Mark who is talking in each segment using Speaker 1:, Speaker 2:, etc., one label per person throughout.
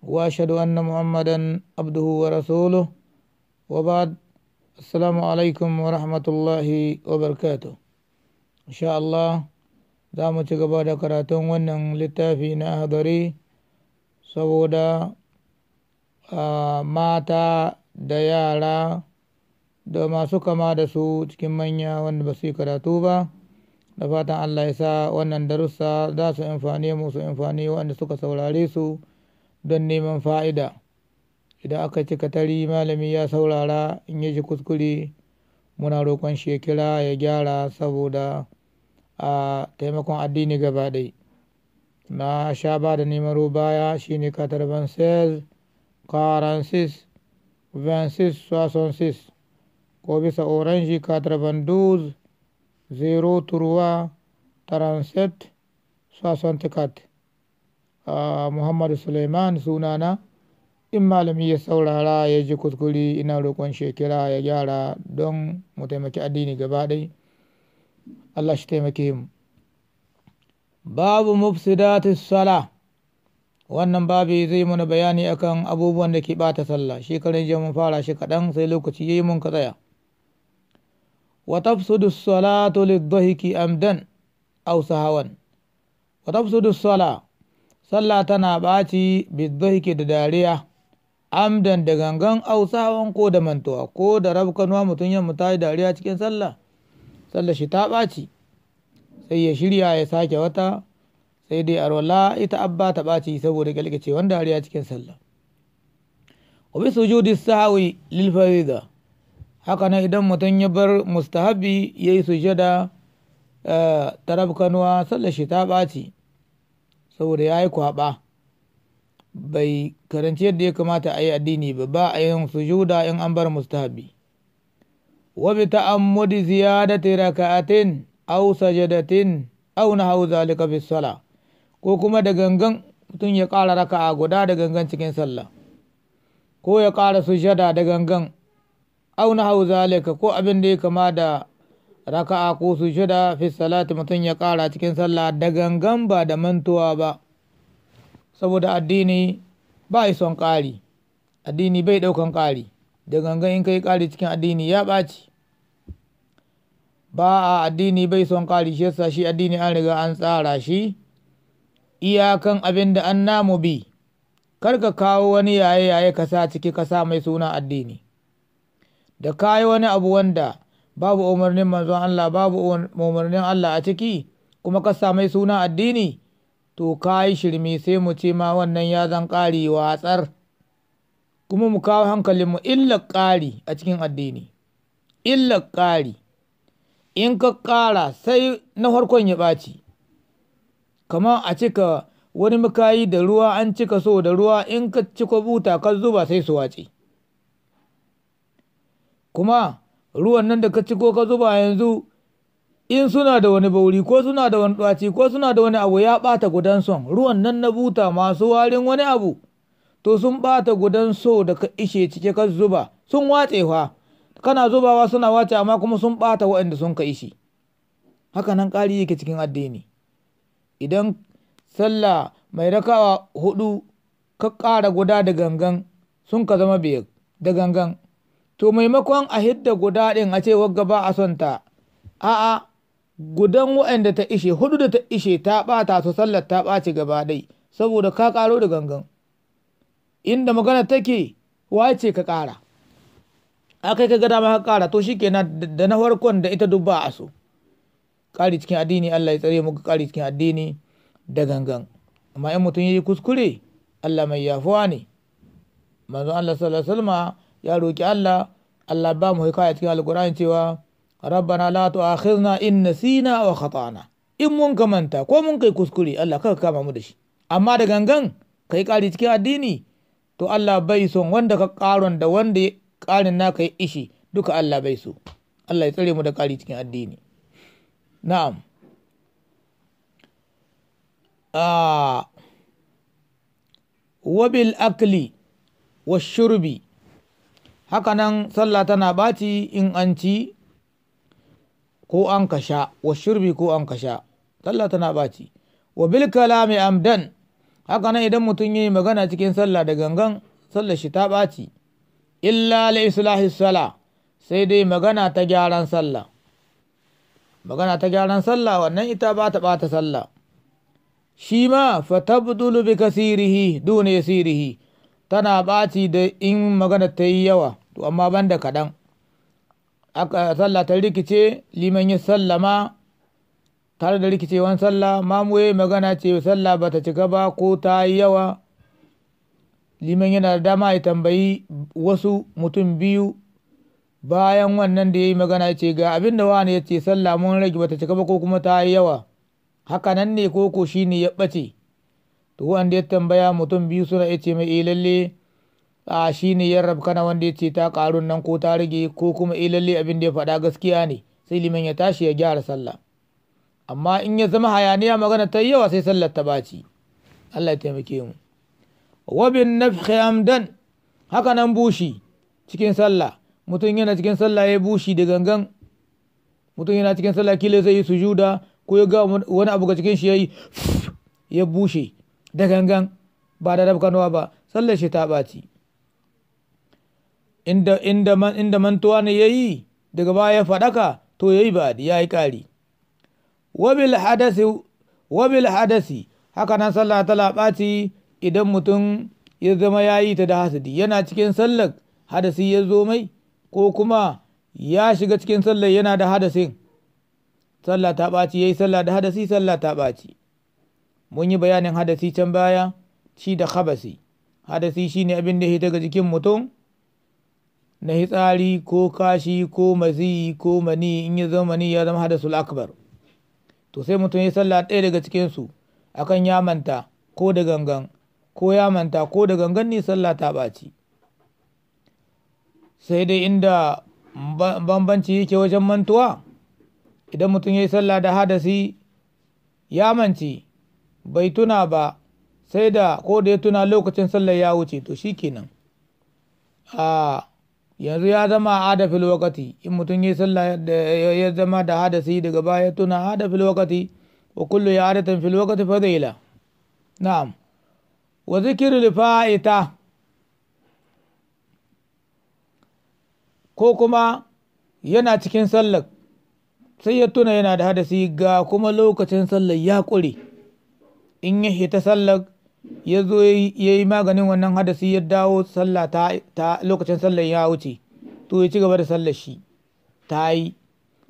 Speaker 1: وأشهد أن محمدا عبده ورسوله وبعد السلام عليكم ورحمة الله وبركاته إن شاء الله za mu ci gaba da karatun wannan littafi na hadari saboda mata da yara da masu kama da su cikin manya wanda ba su yi karatu ba da fatan allah ya sa wannan darussa za su amfani mu su amfani wanda suka saurare su don neman fa'ida idan aka ci katari malami ya saurara in yi shi kuskure muna roƙon shi ya gyara saboda a taimakon addini gaba ɗai na sha ba da neman baya ne katar vansel karansis vansis swasonsis ko bisa oranji katar vanduz zero turwa taranset swasontikat Muhammadu Suleiman sunana in malami ya saurara ya ji kuskuri ina roƙon shekara ya gyara don mu taimaki addini gaba ɗai Allah shi taimake mu babu mufsidati sala wannan babu zai mana bayani akan abubuwan da ke bata sallah shekarun jiya mun fara shi kaɗan sai lokaci yayi mun ka tsaya wa salatu lidhahiki amdan aw sahawan wa tafsudu sallah tana ɓaci bizzahiki da dariya amdan da gangan ausawan ko da mantuwa ko da rabkanuwa mutum mu dariya cikin sallah sallah shi ta ɓaci sai ya shirya ya sake wata sai dai arwala ita abba ta ɓaci saboda wanda dariya cikin sallah wa bi sujudi sahawi lil fariza haka nan idan mutum ya bar mustahabi yayi sujada eh, ta rabkanuwa sallah shi ta ɓaci saboda ya yi kwaɓa bai karanci yadda ya kamata a yi addini ba ba a yin sujuda in an bar mustahabi wa bi ta'ammudi ziyadati raka'atin aw sajadatin aw nahaw zalika bis sala ko kuma da gangan mutum ya ƙara raka'a guda da gangan cikin sallah ko ya ƙara sujada da gangan aw nahaw zalika ko abin da ya kama da raka'a ko su shida fi salati mutum ya kara cikin sallah da gangan ba da mantuwa ba saboda addini ba yi son ƙari addini bai ɗaukan ƙari da gangan in kai ƙari cikin addini ya ɓaci ba a addini bai son ƙari shi yasa shi addini an riga an tsara shi iyakan abin da an namu bi kar ka kawo wani yaye yaye ka sa ciki ka sa mai suna addini da kayi wani abu wanda babu umarnin manzon Allah babu umarnin Allah a ciki kuma ka samai suna addini to ka yi shirme sai mu ce ma wannan ya zan ƙari watsar kuma mu kawo hankalin mu illa ƙari a cikin addini illa ƙari in ka ƙara sai na farkon ya ɓaci kamar a cika wani mukayi da ruwa an cika so da ruwa in ka cika buta ka zuba sai su wace kuma ruwan nan da ka ci ko ka zuba yanzu in suna da wani bauri ko suna da wani ɗwaci ko suna da wani abu ya ɓata gudan son ruwan nan na buta masu warin wani abu to sun ɓata gudan so da ka ishe cike ka zuba sun watse fa kana zubawa suna wace amma kuma sun ɓata waɗanda sun ka ishi haka nan ƙari yake cikin addini idan sallah mai rakawa hudu ka ƙara guda da gangan sun ka zama biyar da gangan to maimakon a hidda guda ɗin a ce wagga ba a son ta a'a gudan waanda ta ishe hudu da ta ishe ta ɓata su sallar ta ɓaci gaba dai saboda ka ƙaro da gangan inda magana take wace ka ƙara kai ka gada ma ka ƙara to kenan da na farkon da ita duk ba a so ƙari cikin addini Allah ya tsare muka ƙari cikin addini da gangan amma in mutum ya yi kuskure Allah mai yafuwa ne manzon Allah sallallahu alaihi ya roki Allah Allah ba mu hikaya cikin alkur'ani cewa rabbana la tu'akhizna in nasina wa khata'na in mun kamanta ko mun kai kuskure Allah kaka kama mu da shi amma da gangan kai kari cikin addini to Allah bai son wanda ka ƙaron da wanda karin na kai ishi duka Allah bai so Allah ya tsare mu da kari cikin addini na'am ah, wabil akli wa shurbi hakanan sallah tana ɓaci in an ci ko an ka wa shirbi ko an ka sallah tana ɓaci wa bil kalami amdan hakanan idan mutum yayi magana cikin sallah da gangan sallah shi ta ɓaci illa li islahi sala sai dai magana ta gyaran sallah magana ta gyaran sallah wannan ita ba ta ɓata sallah shi ma fa fatabdulu bi kasirihi dun yasirihi tana ɓaci da in magana ta yi yawa to amma ban da kaɗan aka sallah ta rikice liman ya sallama tare da rikicewan sallah mamuye magana ce sallah ta cika ba ko ta yi yawa liman yana da dama ya tambayi wasu mutum biyu bayan wannan da ya yi magana ce ga abin da wani ya ce sallah mun rage ba ta cika ba ko kuma ta yi yawa haka nan ne ko ko shi ne ya ɓace to wanda ya tambaya mutum biyu suna ya ce mai eh, lalle a shi ne ya rabkana wanda ya ce ta ƙarun nan ko ta rage ko kuma ilalle eh, abin da ya faɗa gaskiya ne sai liman ya tashi ya gyara sallah amma in ya zama hayaniya magana ta yawa sai sallar ta baci Allah ya taimake mu wabin nafhi amdan haka nan bushi cikin sallah mutum yana cikin sallah ya bushi da gangan mutum yana cikin sallah kila zai yi sujuda ko ya ga wani abu ga cikin shi yayi ya bushe da gangan ba da rabkanawa ba sallar shi ta baci. inda inda man inda mantuwa ne yayi daga baya ya fadaka to yayi ba yayi kari wabil hadasi wabil hadasi haka nan sallah ta labaci idan mutum ya zama ya yi ta da hasidi yana cikin sallar hadasi ya zo mai ko kuma ya shiga cikin sallar yana da hadasin sallah ta ɓaci ya yi sallah da hadasi sallah ta ɓaci mun yi bayanin hadasi can baya shi da khabasi hadasi shine abin da ya daga jikin mutum na hitsari ko kashi ko mazi ko mani in ya zama mani ya zama hadasul akbar to sai mutum ya sallah ɗaya daga cikinsu akan ya manta ko da gangan ko ya manta ko da gangan ne sallah ta ɓaci sai dai inda bambanci yake wajen mantuwa idan mutum ya yi sallah da hadasi ya manci bai tuna ba sai da ko da ya tuna lokacin sallar ya wuce to shi kenan ah, yanzu ya zama ada fil wakati in mutum ya sallah ya zama da hadasi daga baya tuna ada fil wakati wa kullu ya adatan fil wakati fadila na'am wa zikiru fa'ita ko kuma yana cikin sallar sai ya tuna yana da hadasi ga kuma lokacin sallar ya ƙure in yi hita sallar ya zo ya yi maganin wannan hadasi ya dawo sallah ta lokacin sallar ya wuce to ya ci gaba da sallar shi ta yi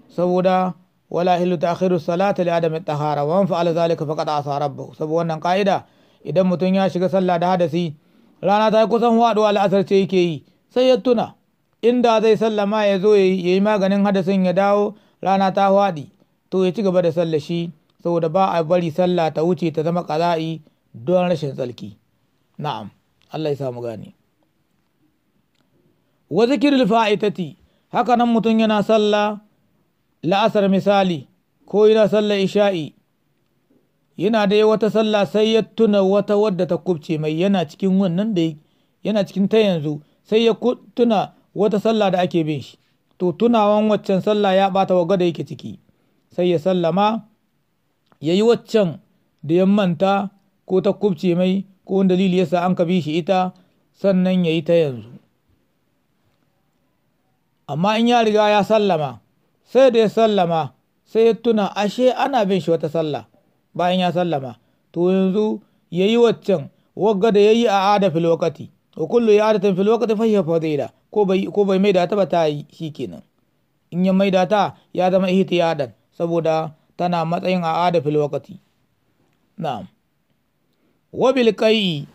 Speaker 1: saboda wala hilu ta akhiru salata li adami tahara wa fa'al zalika faqad asa rabbahu saboda wannan ka'ida idan mutum ya shiga sallah da hadasi rana ta kusan waɗuwa la'asar ce yake yi sai ya tuna inda zai sallama ya zo ya yi maganin hadasin ya dawo rana ta waɗi to ya ci gaba da sallar shi saboda ba a bari sallah ta wuce ta zama kazai don rashin tsalki na'am Allah ya samu gane wa zikirul fa'itati haka nan mutum yana sallah la'asar misali ko yana sallah isha'i yana da wata sallah sai ya tuna wata wadda ta kubce mai yana cikin wannan da yana cikin ta yanzu sai ya tuna wata sallah da ake bin shi to tunawan waccan sallah ya bata wa da yake ciki sai ya sallama ya yi waccan da ya manta ko ta kubce mai ko wani dalili yasa an ka bi shi ita sannan ya yi ta yanzu amma in ya riga ya sallama sai da ya sallama sai ya tuna ashe ana bin shi wata sallah bayan ya sallama to yanzu ya yi waccan wagga da ya yi a ada fil wakati wa kullu ya adatan fil wakati fa hiya fadila ko bai ko bai maida ta ba ta yi shikenan in ya mai ta ya zama ihtiyadan saboda tana matsayin a ada fil wakati na'am wabil kai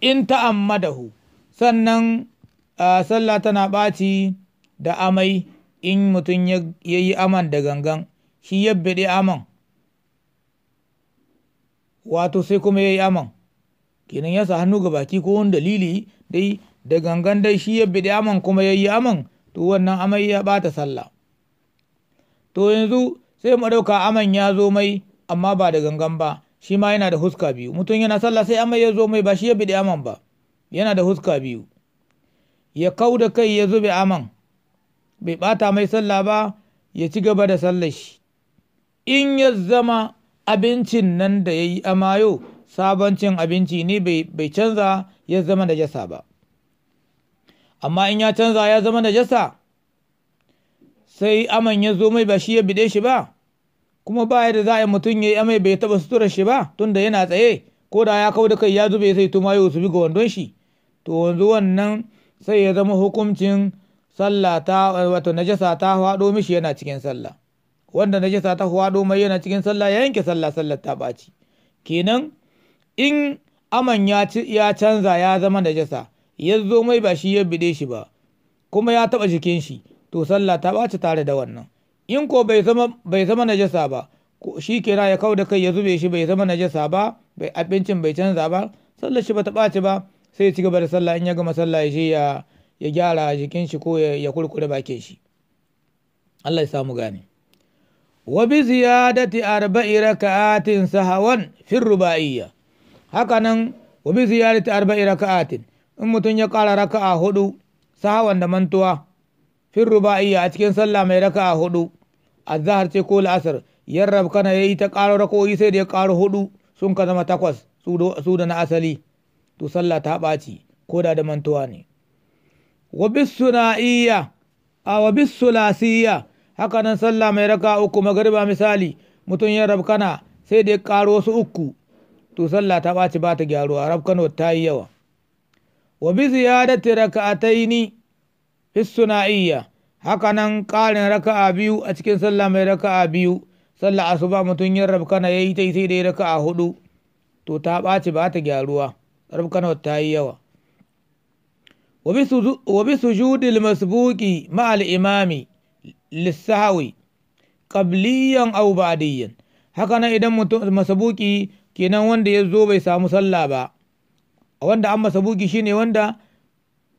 Speaker 1: in ta'ammadahu sannan sallah tana ɓaci da amai in mutum ya yi aman da gangan shi ya biɗi aman wato sai kuma ya yi aman kenan ya sa hannu ga baki ko wani dalili dai da gangan dai shi ya biɗi aman kuma ya yi aman to wannan amai ya ɓata sallah to yanzu sai mu ɗauka aman ya zo mai amma ba da gangan ba shi ma yana da huska biyu mutum yana sallah sai amai ya zo mai ba shi ya bide aman ba yana da huska biyu ya kau da kai ya zube aman bai bata mai sallah ba ya ci gaba da sallar shi in ya zama abincin nan da ya yi amayo sabon cin abinci ne bai canza ya zama da jasa ba amma in ya canza ya zama da jasa sai aman ya zo mai ba shi ya bide shi ba kuma ba da za a yi mutum ya yi amai bai taɓa sutura shi ba tunda yana tsaye ko da ya kau da kai ya zube sai yau su bi ga wandon shi to wanzu wannan sai ya zama hukuncin sallah ta wato najasa ta faɗo mishi yana cikin sallah wanda najasa ta faɗo mai yana cikin sallah ya yanke sallah sallah ta ɓaci kenan in aman ya canza ya zama najasa ya zo mai ba shi ya bide shi ba kuma ya taɓa jikin shi to sallah ta ɓaci tare da wannan in ko bai zama bai zama najasa ba shi kenan ya kau da kai ya zube shi bai zama najasa ba bai abincin bai canza ba sallar shi ta ɓaci ba sai ya ci gaba da sallah in ya gama sallah ya ya ya gyara jikin shi ko ya kurkure bakin shi Allah ya samu gane wa bi ziyadati arba'i raka'atin sahawan fi ruba'iyya haka nan wa bi ziyadati arba'i raka'atin in mutum ya ƙara raka'a hudu sahawan da mantuwa fi ruba'iyya a cikin sallah mai raka'a hudu azahar ce ko la'asar yarrab kana ya yi ta ƙaro rako'i sai da ya ƙaro hudu sun ka zama takwas su da na asali to sallah ta ɓaci ko da da mantuwa ne wa bisuna'iyya a wa bisulasiyya haka nan sallah mai raka uku magariba misali mutum yarrab rabkana sai da ya ƙaro wasu uku to sallah ta ɓaci ba ta gyaruwa rabkano ta yi yawa wa bisu ya a ta yi ni bisuna'iyya hakanan ƙarin raka'a biyu a cikin sallah mai raka'a biyu sallah asuba mutum yin rabkana ya yi ta sai da raka'a hudu to ta ɓaci ba ta gyaruwa rabkana ta yi yawa wa bi sujudil masbuki ma al imami lissahawi qabliyan aw ba'diyan hakanan idan mutum masabuki kenan wanda ya zo bai samu sallah ba wanda an masabuki shine wanda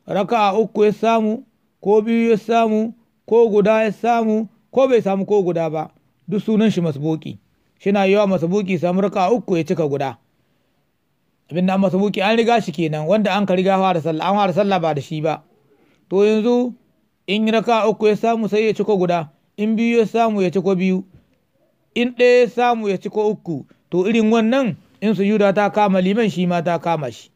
Speaker 1: raka'a uku ya samu ko biyu ya samu ko guda ya samu ko bai samu ko guda ba duk sunan shi masbuki shina yawa masbuki samu raka uku ya cika guda abin da masbuki an riga shi kenan wanda an ka riga fara sallah an fara sallah ba da shi ba to yanzu in raka uku ya samu sai ya cika guda in biyu ya samu ya cika biyu in ɗaya ya samu ya cika uku to irin wannan in su yuda ta kama liman shi ma ta kama shi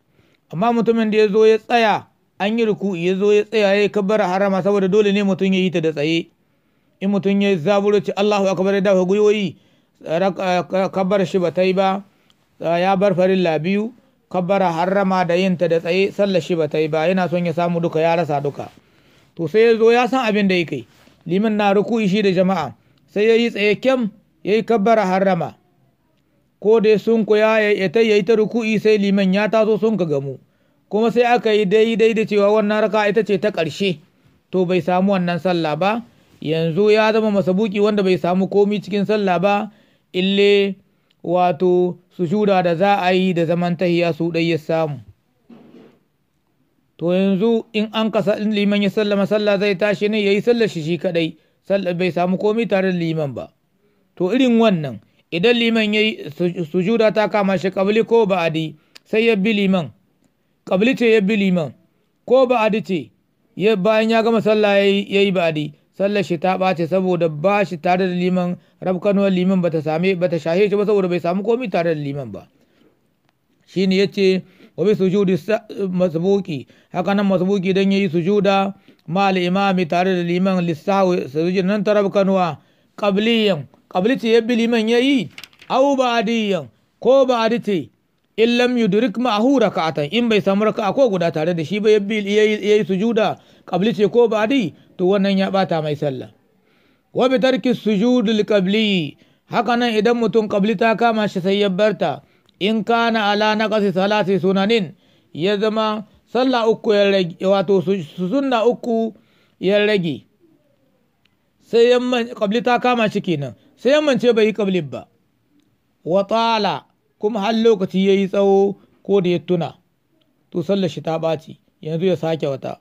Speaker 1: amma mutumin da ya zo ya tsaya an yi ruku'i ya zo ya tsaya ya kabbar harama saboda dole ne mutum ya yi ta da tsaye in mutum ya zaburo ci Allahu akbar da dafa gwiwoyi kabbar shi ba ta yi ba ya bar farilla biyu kabbara harama da yin ta da tsaye sallar shi ba ta yi ba yana son ya samu duka ya rasa duka to sai ya zo ya san abin da yake liman na ruku'i shi da jama'a sai ya yi tsaye kyam ya yi kabbara harrama ko dai sun ku ya ta yi ta ruku'i sai liman ya taso sun ka gamu kuma sai aka yi daidai da cewa wannan raka ita ce ta ƙarshe to bai samu wannan sallah ba yanzu ya zama masabuki wanda bai samu komi cikin sallah ba ille wato shuda da za a yi da zaman tahiya su ɗai ya samu to yanzu in an kasa liman ya sallama sallah zai tashi ne ya yi sallar shi shi kaɗai bai samu komi tare da liman ba to irin wannan idan liman ya yi sujuda ta kama shi kabli ko ba'adi sai ya bi liman ƙabli ce ya bi liman ko ba'adi ce ya bayan ya gama sallah ya yi ba'adi sallar shi ta ɓace saboda ba shi tare da liman rabkanuwar liman bata same ta shahe shi ba saboda bai samu komi tare da liman ba ya ce wa bi su sujudi masbuki haka nan don dan yayi sujuda ma al'imami imami tare da liman lissahu sujudin nan tarabkanuwa qabliyan qabli ce bi liman yayi au ko ba'di ce in lam yudrik hu raka'atan in bai samu raka'a ko guda tare da shi ba ya yayi sujuda qabli ce ko ba'di to wannan ya bata mai sallah wa bi tarki sujud li qabli haka nan idan mutum qabli ta kama shi sai ya barta in kana ala naqasi salati sunanin ya zama sallah uku ya rage wato sunna uku ya rage sai yamman qabli ta kama shi kenan sai yamman ce bai yi qablin ba wa tala kuma har lokaci ya yi tsawo ko da ya tuna to sallar shi ta ɓaci yanzu ya sake wata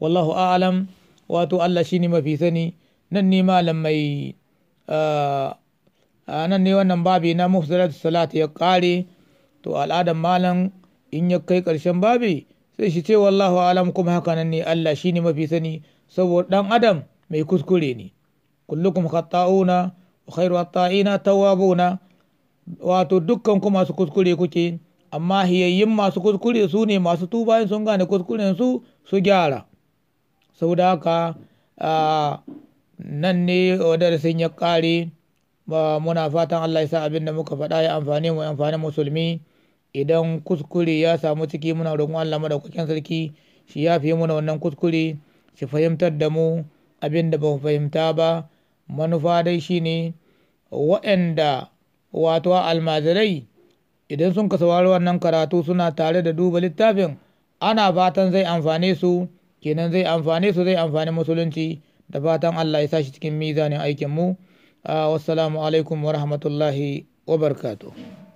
Speaker 1: wallahu a'lam wato Allah shi ne mafi sani nan ne malam mai ah, ah, nan ne wannan babi na mufsalat salat ya kare to al'adan malam in ya kai ƙarshen babi sai shi ce wallahu alam kuma haka nan ne Allah shi ne mafi sani saboda ɗan adam mai kuskure ne kullukum khatta'una wa khairu atta'ina tawwabuna wato dukkan ku masu kuskure kuke amma hiyayyun masu kuskure su ne masu tuba sun gane kuskuren su su gyara da haka nan ne yi ya kare muna fatan Allah ya sa abin da muka faɗa ya amfani mu amfani musulmi idan kuskure ya samu ciki muna roƙon Allah madaukakin sarki shi ya fiye muna wannan kuskure shi fahimtar da mu abin da ba fahimta ba manufa dai shine waɗanda wato almajirai idan sun ka saurari wannan karatu suna tare da duba littafin ana fatan zai amfane su kenan zai amfane su zai amfani musulunci da fatan Allah ya sa shi cikin mizanin aikin mu ah, wassalamu alaikum wa rahmatullahi wa barakatuh